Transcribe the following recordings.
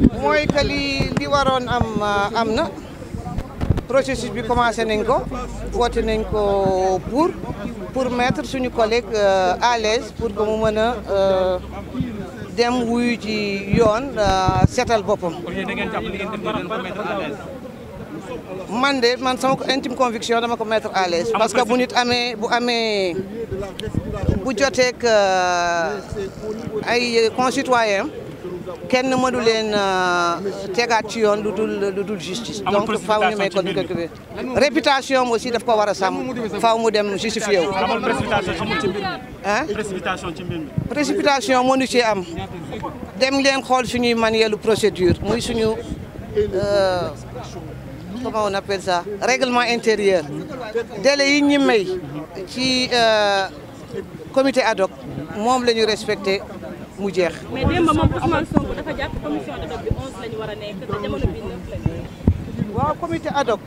mooy que li li waroon am euh, am na processus bi commencé nañ ko woote nañ ko pour pour metre suñu collègue euh, à l'aise pour que mu mën a euh, dem wuyu ci yoon seetal boppam. man de man sama intime conviction dama ko mettre à l'aise parce que bu nit amee bu amee bu joteek ay concitoyens kenn mënu leen euh, tegaat ci yoon lu dul lu dul justice donc faaw ñu may ko du dëkk bi réputation aussi daf ko war a sàmm faaw mu dem justifié wu ah précipitation mënu ci am dem leen xool suñuy manuelu procédure muy suñu euh, comment on appelle ça règlement i ñi may ci euh, comité ad hoc moom la ñu respecté mu jeex. mais démb moom Ousmane Sonko dafa jàpp commission war a nekk te waaw comité ad hoc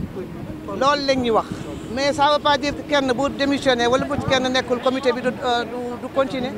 loolu la ñuy wax mais ça veut pas dire kenn bu démissionné wala bu kenn nekkul comité bi du euh, du continuer.